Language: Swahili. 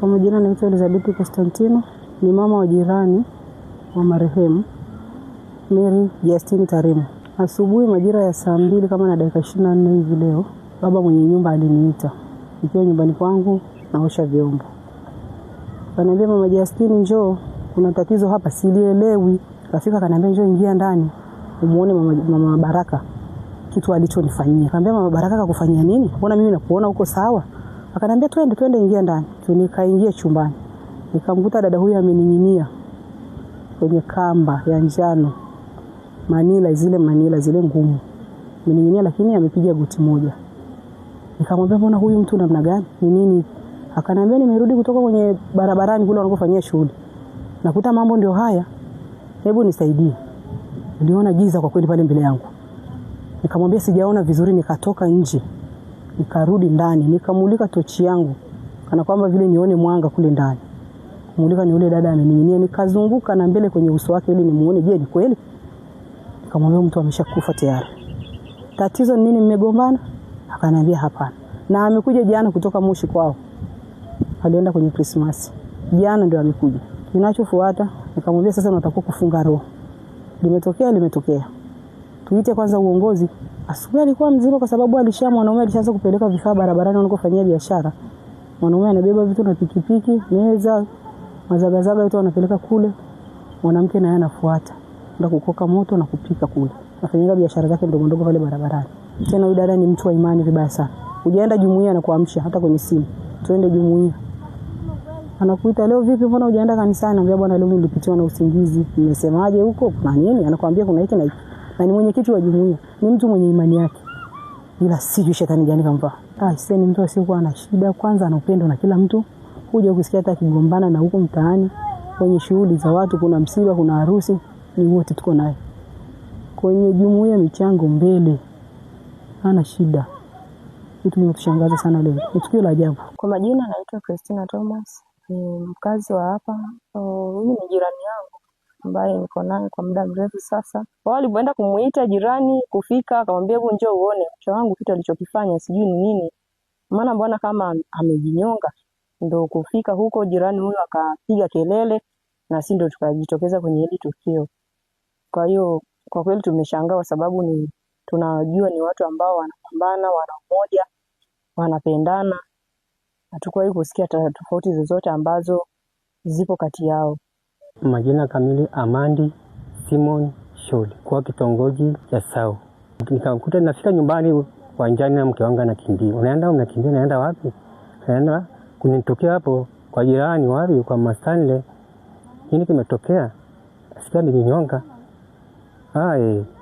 Kwa majina naitwa Elizabeth Constantino, ni mama wa jirani wa marehemu Mary Justine Tarimo. Asubuhi majira ya saa mbili kama na dakika ishirini na nne hivi leo, baba mwenye nyumba aliniita nikiwa nyumbani kwangu naosha vyombo, kaniambia mama Justine, njoo kuna tatizo hapa, silielewi. Rafika kaniambia, njoo ingia ndani umuone mama, mama Baraka kitu alichonifanyia. Kaambia mama Baraka kakufanyia nini? Mbona mimi nakuona uko sawa? akanambia twende, twende, ingia ndani. tu. Nikaingia chumbani, nikamkuta dada huyu amening'inia kwenye kamba ya njano, manila zile, manila zile ngumu, amening'inia lakini amepiga goti moja. Nikamwambia mbona huyu mtu namna gani, ni nini? Akanambia nimerudi kutoka kwenye barabarani kule wanapofanyia shughuli, nakuta mambo ndio haya, hebu nisaidie. Niliona giza kwa kweli pale mbele yangu, nikamwambia sijaona vizuri, nikatoka nje. Nikarudi ndani, nikamulika tochi yangu kana kwamba vile nione mwanga kule ndani. Kumulika ni yule dada amening'inia, nikazunguka na mbele kwenye uso wake ili nimuone, je, ni kweli? Nikamwambia mtu ameshakufa tayari. Tatizo ni nini, mmegombana? Akaniambia hapana, na amekuja jana kutoka Moshi kwao, alienda kwenye Krismasi jana ndio amekuja. Ninachofuata nikamwambia sasa, natakuwa kufunga roho, limetokea limetokea tuite kwanza uongozi. Asubuhi alikuwa mzima kwa sababu alisha mwanaume alishaanza kupeleka vifaa barabarani wanakofanyia biashara. Mwanaume anabeba vitu na pikipiki, meza, mazagazaga yote wanapeleka kule. Mwanamke naye anafuata. Ndio kukoka moto na kupika kule. Anafanyia biashara zake ndogo ndogo pale barabarani. Tena huyu dada ni mtu wa imani vibaya sana. Ujaenda jumuiya anakuamsha hata kwenye simu. Tuende jumuiya. Anakuita leo vipi, mbona hujaenda kanisani? Anambia bwana, leo nilipitiwa na usingizi. Nimesemaje huko? Kuna nini? Anakuambia kuna hiki na hiki na ni mwenyekiti wa jumuiya, ni mtu mwenye imani yake, ila sijui shetani gani kamvaa. Ah, sasa ni mtu asiyekuwa ana shida, kwanza ana upendo na kila mtu, huja kusikia hata akigombana na huko mtaani kwenye shughuli za watu, kuna msiba, kuna harusi, ni wote tuko naye kwenye jumuiya, michango mbele, ana shida. Kitu kinachoshangaza sana leo, ni tukio la ajabu. Kwa majina, naitwa Christina Thomas, ni mkazi wa hapa. Huyu oh, ni jirani yangu ambaye niko naye kwa muda mrefu sasa. Kwa alipoenda kumuita jirani kufika, akamwambia hebu njoo uone mke wangu kitu alichokifanya sijui ni nini, maana mbona kama amejinyonga. Ndo kufika huko jirani huyo akapiga kelele na si ndo tukajitokeza kwenye hili tukio. Kwa hiyo kwa kweli tumeshangaa kwa sababu ni tunajua ni watu ambao wanapambana, wana umoja, wanapendana. Hatukuwahi kusikia tofauti zozote ambazo zipo kati yao. Majina kamili Amandi Simon Sholi, kwa kitongoji cha Sau. Nikakuta nafika nyumbani uwanjani na mke wangu anakimbia. Unaenda unakimbia, unaenda wapi? Unaenda kunitokea hapo kwa jirani wapi, kwa Mastanle. Nini kimetokea? Sikia nilinyonga. Ah, eh.